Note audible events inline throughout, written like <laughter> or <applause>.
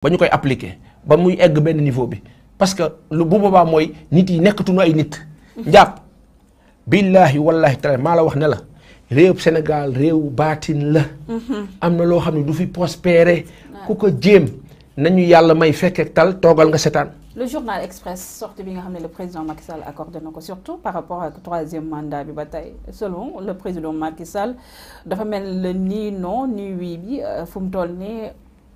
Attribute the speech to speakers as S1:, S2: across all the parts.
S1: ba koy appliquer ba muy egg benn niveau bi parce que lu bu boobaa mooy nit yi nekkatuñu ay nit. njàpp billahi wallahi taala maa la wax ne la réew Sénégal réew baatin la. Mm-hmm. am na loo xam ne du fi prospérer. ku ko jéem nañu yàlla may fekk tal toogal nga setaan.
S2: le journal express sortie bi nga xam ne le président Macky Sall accordé na ko surtout par rapport ak troisième mandat bi ba tey selon le président Macky Sall dafa mel ni non ni oui bi euh, fu mu toll nii.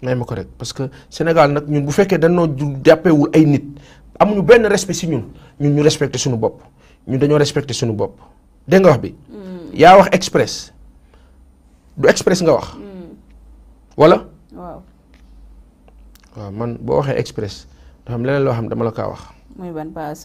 S1: may ma ko rek parce que Sénégal nag ñun bu fekkee dañoo jàppeewul ay nit amuñu benn respect si ñun ñun ñu respecté suñu bopp ñu dañoo respecté suñu bopp dégg nga wax bi. Mm. yaa wax express du express nga wax. Mm. wala. waaw. man boo waxee express dafa leneen loo xam dama la kaa wax.
S2: muy ban paas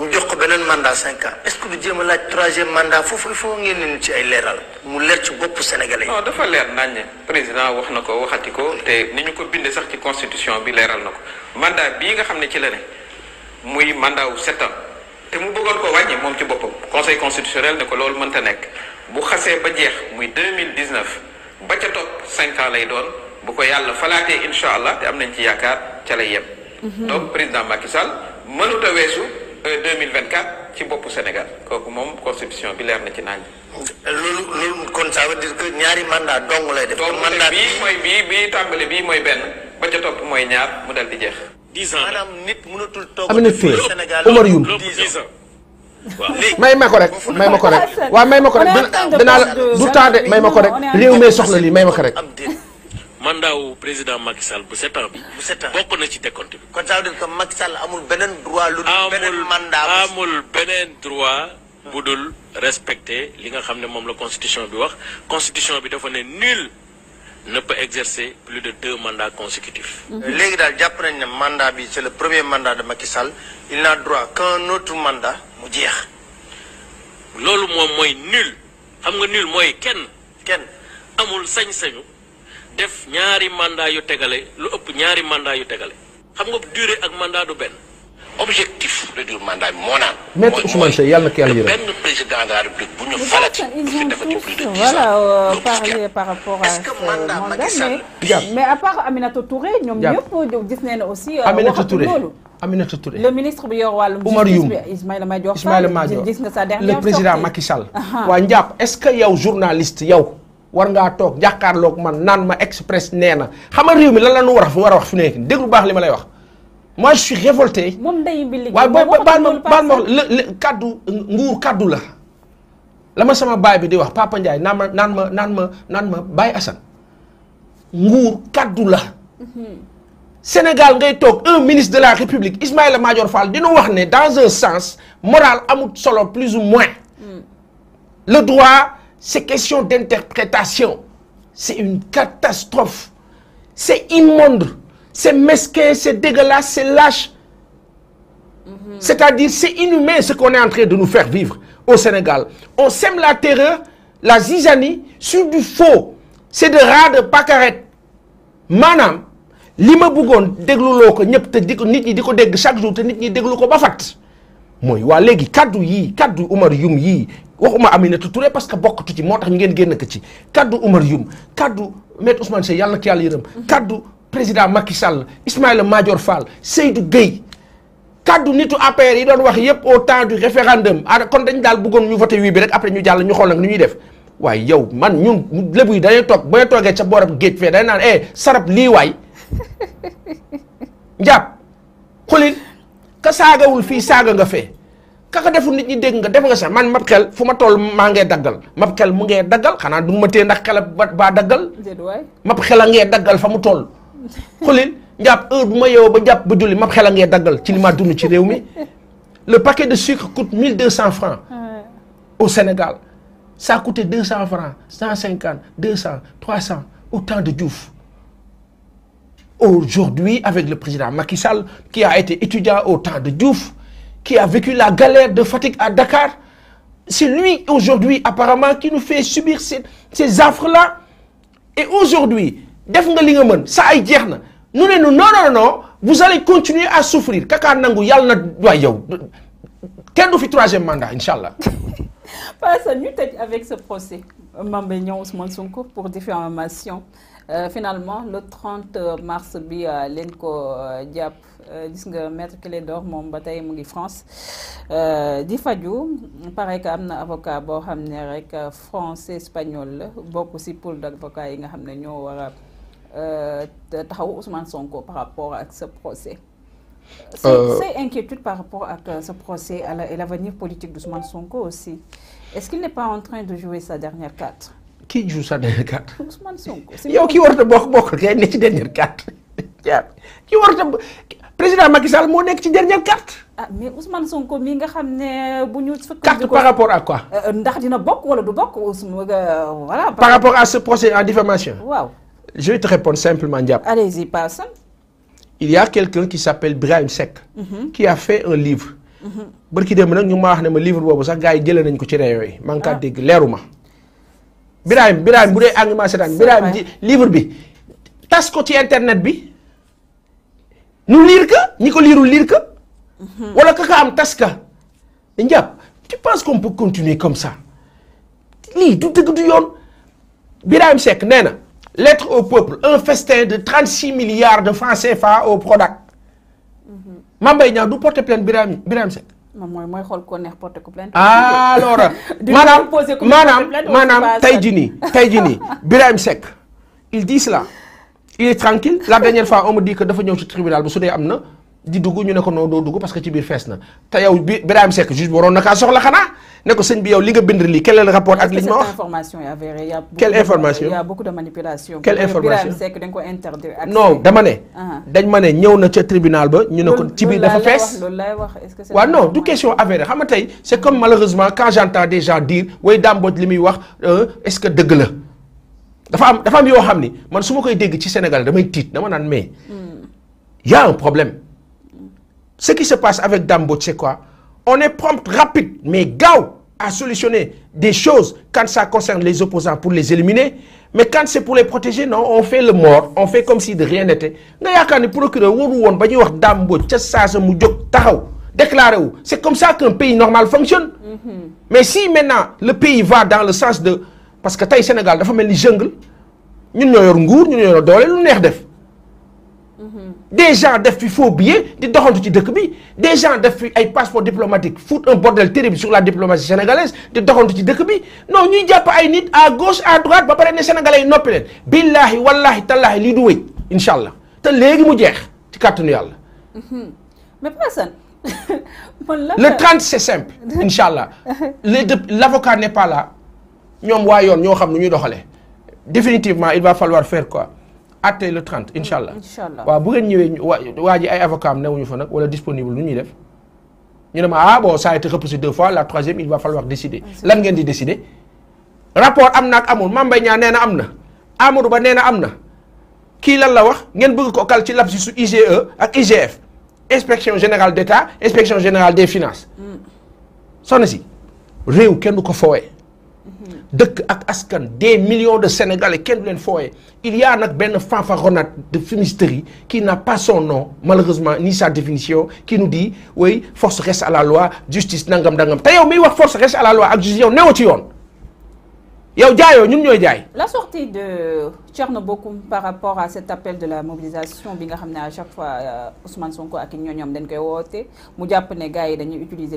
S3: mu jox ko beneen
S1: mandat cinq ans est-ce que du jéem a laaj troisième mandat foofu il faut ngeen ne ci ay
S3: leeral mu leer ci bopp sénégalais yi. non dafa leer naññ président wax na ko waxati ko te ni ñu ko bindee sax ci constitution bi leeral na ko mandat bii nga xam ne ci la ne muy mandat wu sept te mu bëggoon ko wàññi moom ci boppam conseil constitutionnel ne ko loolu mënta nekk bu xasee ba jeex muy deux mille dix neuf ba ca topp cinq ans lay doon bu ko yàlla falaatee incha allah am nañ ci yaakaar ca lay deux mille vingt quatre ci boppu Sénégal kooku moom constitution bi leer na ci naan. loolu loolu kon ça veut dire que ñaari mandat dong lay def. mandat bii mooy bii bii tàmbali bii mooy benn ba ca topp mooy ñaar mu dal di jeex. dix ans maanaam nit
S1: mënatul toog. Amina Fee Omar Youm
S3: may ma ko rek may ma ko rek waaw may ma ko rek dinaa la du temps de may ma ko rek réew mee soxla lii may ma ko rek. mandat au président Macky Sall bu 7 ans bi. bu bokk na que Macky Sall amul droit. lu mandat
S1: droit. respecter la constitution bi constitution bi dafa nul ne peut exercer plus de deux mandats consécutifs. Euh, mandat c'est le premier mandat de Macky Sall il n'a droit qu'un autre mandat nul nul def ñaari mandat yu tegale lu ëpp ñaari mandat yu tegale xam nga durée ak mandat du benn objectif de dur mandat bi moo naan. maître Ousmane Seye yàlla na ko yàlla yërëm benn président
S2: de la République bu ñu falati fi defati plus de dix ans euh, parler par rapport à ce mandat mais mais à part Aminata Touré ñoom ñëpp gis nañu aussi euh,
S1: Aminata
S2: bi yor wàllum Oumar président Macky
S1: Sall <laughs> waa njàpp est-ce que yow journaliste yow war ngaa toog jàkkaarloog man naan express Nena, na xam nga réew mi lan la war a war a wax fu nekk déglu baax li lay wax. moi je suis révolté. moom la. ma sama baay bi di wax Papa ma ma ma Sénégal ngay un ministre de la République Ismaël Fall wax dans un sens moral amut solo plus ou moins. Mhm. le droit. C'est question d'interprétation, c'est une catastrophe. C'est immonde, c'est mesquin, c'est dégueulasse, c'est lâche. Mhm. C'est-à-dire, c'est inhumain ce qu'on est en train de nous faire vivre au Sénégal. On sème la terreur, la zizanie, sur du faux. C'est de rats de pacarette. Manam, li ma te chaque jour te nit ñi moy wa léegi kaddu yi kaddu Umar Yum yi waxuma Aminata Touré parce que tu ci motax tax ngeen genn ko ci kaddu Umar Yum kaddu met Ousmane sey yalla na yalla yeureum mhm. kaddu president Macky Sall Ismaïla major Fall Seydou Gueye kaddu nitu APR yi doon wax yépp au temps du référendum ah kon dañ dal bëggoon ñu voter wi bi rek après ñu jall ñu xol nak ñuy def way yow man ñun lebuy yi tok toog toge ci borom geej fe dañ nan eh sarap li way <laughs> ndiap xulil ka saagawul fii saaga nga fee kaka deful nit ñi dégg nga def nga sa man mab xel fu ma toll maa ngee daggal mab xel mu ngee daggal xanaa du ma tee ndax xel ba daggal mab xel a ngee daggal fa mu toll xulil njàpp heure bu ma yeewoo ba jàpp ba julli mab xel a ngee daggal ci li ma dund ci réew mi le paquet de sucre coûte 1200 francs au Sénégal ça coûtait 200 francs 150 200 300 au temps de Diouf aujourd'hui avec le président Macky Sall, qui a été étudiant au temps de Diouf, qui a vécu la galère de fatigue à Dakar. C'est lui aujourd'hui apparemment qui nous fait subir ces, affres-là. Et aujourd'hui, def nga li nga ay non non non vous allez continuer à souffrir kakaar nangu yàlla na yow kenn fi troisième mandat Inch'Allah.
S2: Pas <laughs> Paa avec ce procès Mambé Ousmane Sonko pour diffamation. Euh, finalement le 30 euh, mars bi y euh, a jàpp gis nga maître Clédor la bataille tey France di faju pare que am avocat boo xam français espagnol la aussi ci pool d'avocats yi nga xam ñoo war a Ousmane Sonko par rapport à ce procès. c'est inquiétude par rapport à ce procès et l'avenir politique d'Ousmane Sonko aussi est-ce qu'il n'est pas en train de jouer sa dernière carte
S1: qui joue sa dernière carte.
S2: Ousmane Sonko yow ki qui a
S1: bokk bokk kay ne ci dernière carte
S2: yaa <laughs> ki warut président
S1: Macky Sall moo nekk ci
S2: dernière carte. ah mais Ousmane Sonko mi nga xam ne bu ñu. carte par rapport à quoi. Euh, euh, ndax dina bokk wala du bokk Ousmane euh, voilà. par rapport à ce procès en diffamation. waaw
S1: je vais te répondre simplement Diab.
S2: allez-y passe.
S1: il y a quelqu'un qui s'appelle Brahim Seck. Mhm. qui a fait un livre. Mhm. bërki dem nag ñu ma wax ne ma livre boobu sax gars yi jëlee nañ ko ci réew yi. man kaa ah. dégg leeru ma. Biraim, Biraim, vous avez engagement seetaan livre bi tas ko internet bi nous lire que, ñi ko liirul que, ka mhm. wala am tas ka tu penses qu'on peut continuer comme ça li, du dëgg du yoon Seck lettre au peuple un festin de 36 milliards de francs CFA au Prodac mhm. Mame Mbaye Niang du porter plainte Birahim c'est Seck
S2: alors <laughs> madame, madame, madame, <laughs> tey jii
S1: il dit cela il est tranquille la dernière fois on me dit que dafa ñëw au tribunal bu di duggu ñu ne ko non do duggu parce que ci biir fess na te yow bi Birahim Seck juge waron naka soxla xana ne ko sëñ bi yow li nga bind lii quel est le rapport ak li ñu ma wax
S2: information est avérée y a quelle information y a beaucoup de manipulation quelle information Birahim Seck dañ ko interdire non dama ne ah. dañ
S1: ma ne ñëw na ci tribunal ba ñu ne ko ci biir dafa fess
S2: loolu wax est-ce que waaw non
S1: du question avérée xam tay c'est comme malheureusement quand j'entends des gens dire way dambot limi wax euh, est-ce que deug la dafa am dafa am yo xamni man suma koy dégg ci Sénégal damay tiit dama naan mais il hmm. y a un problème ce qui se passe avec Dambo, c'est quoi On est prompt, rapide, mais gao à solutionner des choses quand ça concerne les opposants pour les éliminer. Mais quand c'est pour les protéger, non, on fait le mort, on fait comme si de rien n'était. C'est comme ça qu'un pays normal fonctionne. Mm-hmm. Mais si maintenant le pays va dans le sens de... Parce que taille Sénégal, il faut une jungle. Nous avons un nous avons un des gens def fi faux billets di doxantu ci de bi des gens def ay passeport diplomatique fout un bordel terrible sur la diplomatie sénégalaise di doxantu ci de bi non ñuy japp ay nit à gauche à droite ba paré né sénégalais nopi noppi billahi wallahi tallahi li du wéy inshallah allah te léegi mu jeex ci kàttanu yàlla.
S2: mais personne. <laughs> le 30 c'est
S1: simple inshallah <laughs> les deux l'avocat n'est pas là ñom waa yoon ñoo xam nu ñuy doxalé définitivement il va falloir faire quoi attey le 30 inshallah. allah waaw bu ngeen ñewé wa ay avocat am fa nak wala disponible nu ñuy def ñu ne ah bon ça a été repoussé deux fois la troisième il va falloir décider lan ngeen di décider rapport am na ak amul Mamba Mbaye Niang amna. na Amadou Ba nee amna. Ki lan la wax ngeen bëgg ko kal ci su IGE ak IGF inspection générale d'État, inspection générale des finances hmm. soxna si réew kenn du ko fowé deuk ak askan des millions de sénégalais qui du il y a un ben fanfaronnade de finisterie qui n'a pas son nom malheureusement ni sa définition qui nous dit oui force reste à la loi justice nangam dangam te yow mais wax force reste à la loi ak justice yow newoo ci loi la
S2: sortie de Tcherno par rapport à cet appel de la mobilisation à chaque fois euh, Ousmane Sonko ak dañ koy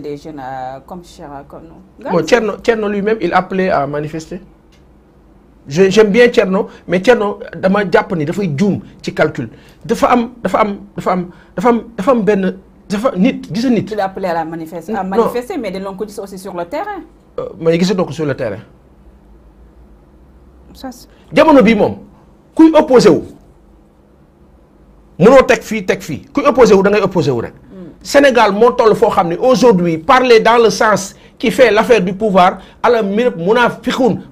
S2: les jeunes euh, comme
S1: comme lui-même il appelait à manifester. j'aime bien Tcherno mais Tcherno dama femmes, ni femmes, de calcul femmes, am femmes, am femmes, am femmes, femmes, des femmes femmes, nit. il
S2: femmes, à manifester. mais femmes, aussi sur le terrain.
S1: Euh, mais sur le terrain sos jamono bii qui kuy opposé wu mënoo teg fii teg kuy opposé wu da opposé hmm. Sénégal toll aujourd'hui parler dans le sens qui fait l'affaire du pouvoir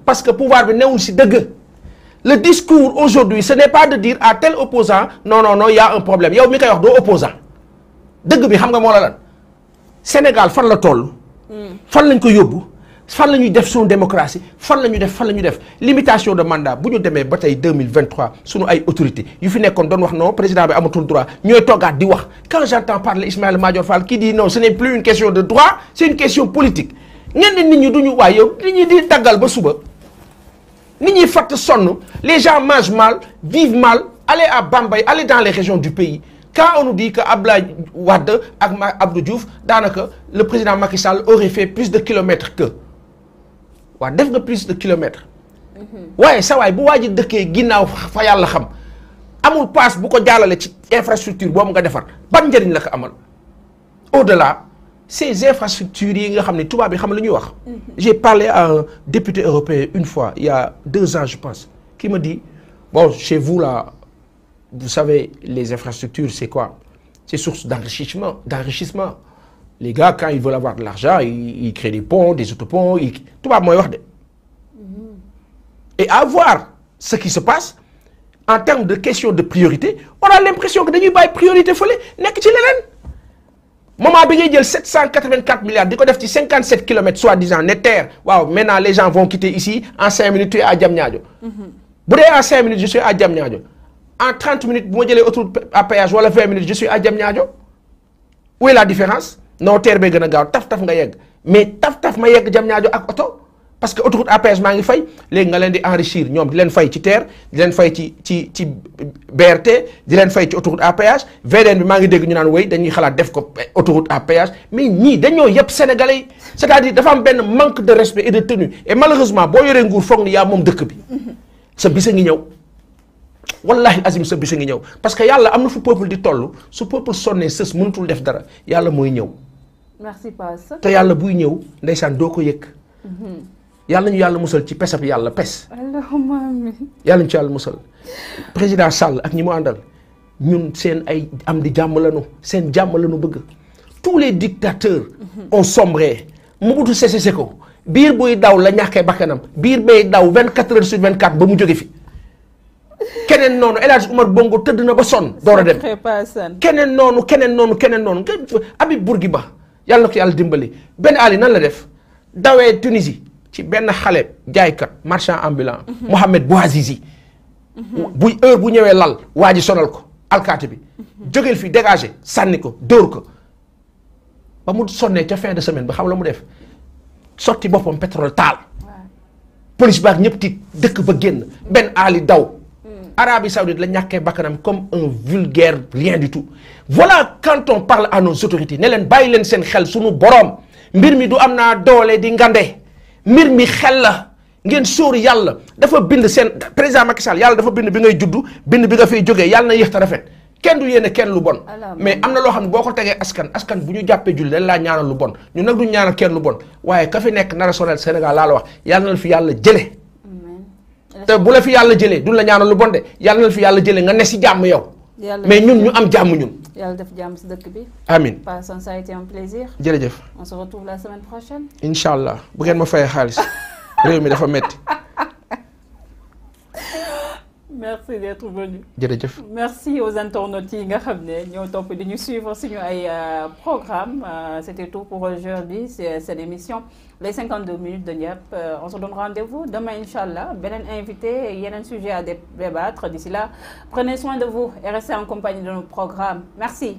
S1: parce que pouvoir bi aussi si le discours aujourd'hui ce n'est pas de dire à tel opposant non non non il y a un problème il y a wax doo opposant Deug bi xam nga mo la lan Sénégal fan la toll. Hmm. fan lañ ko fan nous def son démocratie fan la def fan la def limitation de mandat buñu démé ba 2023 suñu ay autorité yu fi nékkon doon wax non président bi amatul droit ñoy togaat di wax quand j'entends parler Ismaël Madior Fall qui dit non ce n'est plus une question de droit c'est une question politique ñen nit ñi du ñu yow nit ñi di daggal ba suba nit ñi fatt sonn les gens mangent mal vivent mal allez à Bambay, allez dans les régions du pays quand on nous dit que Abdoulaye Wade ak Abdou Diouf danaka le président Macky Sall aurait fait plus de kilomètres que wa def nga plus de kilomètres. ouais mhm. ça waay bu waa ji dëkkee ginnaaw fa yàlla xam amul passe bu ko jàllale ci infrastructure boobu nga defar ban njëriñ la ko amal au delà ces infrastructures yi nga xam ne tubaab bi xam lu ñuy wax. Mhm. j'ai parlé à un député européen une fois il y a deux ans je pense qui me dit bon chez vous là vous savez les infrastructures c'est quoi c'est source d'enrichissement d'enrichissement. Les gars, quand ils veulent avoir de l'argent, ils, créent des ponts, des autoponts, ils... tout va moins mhm. Et à voir ce qui se passe, en termes de questions de priorité, on a l'impression que dañuy priorités priorité folle. nekk ci bi 784 milliards 57 km, soi-disant nether, terre maintenant les gens vont quitter ici en 5 minutes tu es à Diamniadio.
S2: Mhm.
S1: en 5 minutes je suis à Diamniadio en 30 minutes moi, à péage À 20 minutes je suis à Diamniadio où est la différence non TER bee gën a gaaw taf taf nga yegg mais taf taf ma yegg jam ñaajo ak oto parce que autoroute APS maa ngi fay léegi nga leen di enrichir ñoom di leen fay ci teer di leen fay ci ci ci BRT di leen fay ci autoroute APH VDN bi maa ngi dégg ñu naan wéy dañuy xalaat def ko eh, autoroute APH mais ñii dañoo yëpp sénégalais yi c'est-à-dire dafa am benn manque de respect et de tenue malheureusement boo yoree nguur foog ni yaa moom dëkk bi sa bis a ngi ñëw wallahi azim sa bis a ñëw parce que yàlla am na fu peuple di toll su peuple sonnee sës mënatul def dara yàlla mooy ñëw
S2: merci Pape te Yalla
S1: buy ñew do ko Hmm. Yalla ñu Yalla le ci Yalla pes.
S2: allahumma a
S1: Yalla ci Yalla président Sall ak ñi mu andal ñun seen ay am di jamm lañu seen jamm lañu bëgg tous les dictateurs. Mhm. ont sombré Sese Seko Bir buy daw la ñaké bakanam. il bay daw 24 heures sur 24 ba mu joggé fi. keneen noonu El Hadj Bongo tëdd na ba son doora dem keneen noonu keneen noonu keneen noonu Habib Bourguiba yalla ko yalla dimbali Ben Ali nan la def dawe Tunisie ci benn xale kat marchand ambulant. Mhm. Mohamed Bouazizi. Mhm. bu heure bu ñewé lal waji sonal ko alkaati bi. Mhm. jógeel fii dégagé sànni ko dor ko ba mu sonné ci fin de semaine ba xam la mu def sorti bopom pétrole tal. police baax ñëpp ti dëkk ba génn Ben Ali daw. Arabie Saoudite la ñaké bakanam comme un vulgaire rien du tout voilà quand on parle à nos autorités ne xel suñu borom mbir mi du amna di ngandé mbir xel la dafa bind président Macky Sall dafa bind bi ngay qui bind bi nga joggé yalla na rafet kenn du kenn lu bon mais amna na de boko ne askan askan Vous sont jàppee la ñaanal lu bon ñu du ñaanal kenn lu bon ka fi Sénégal la wax na fi te bu la fi yàlla jëlee du la ñaanal lu bon de yàlla na la fi yàlla jëlee nga ne si jàmm yow.
S2: mais ñun ñu am jàmm ñun. yàlla def jàmm si dëkk bi. amiin Pa Assane ça
S1: a allah bu ma fayee xaalis <laughs> réew mi dafa metti
S2: merci d'être venu. merci aux internautes qui nga xamné ñoo top suivre euh, programme euh, c'était tout pour aujourd'hui c'est l'émission euh, « les 52 minutes de Niap on se donne rendez-vous demain inchallah Bienvenue invité un sujet à débattre d'ici là prenez soin de vous et restez en compagnie de nos programmes merci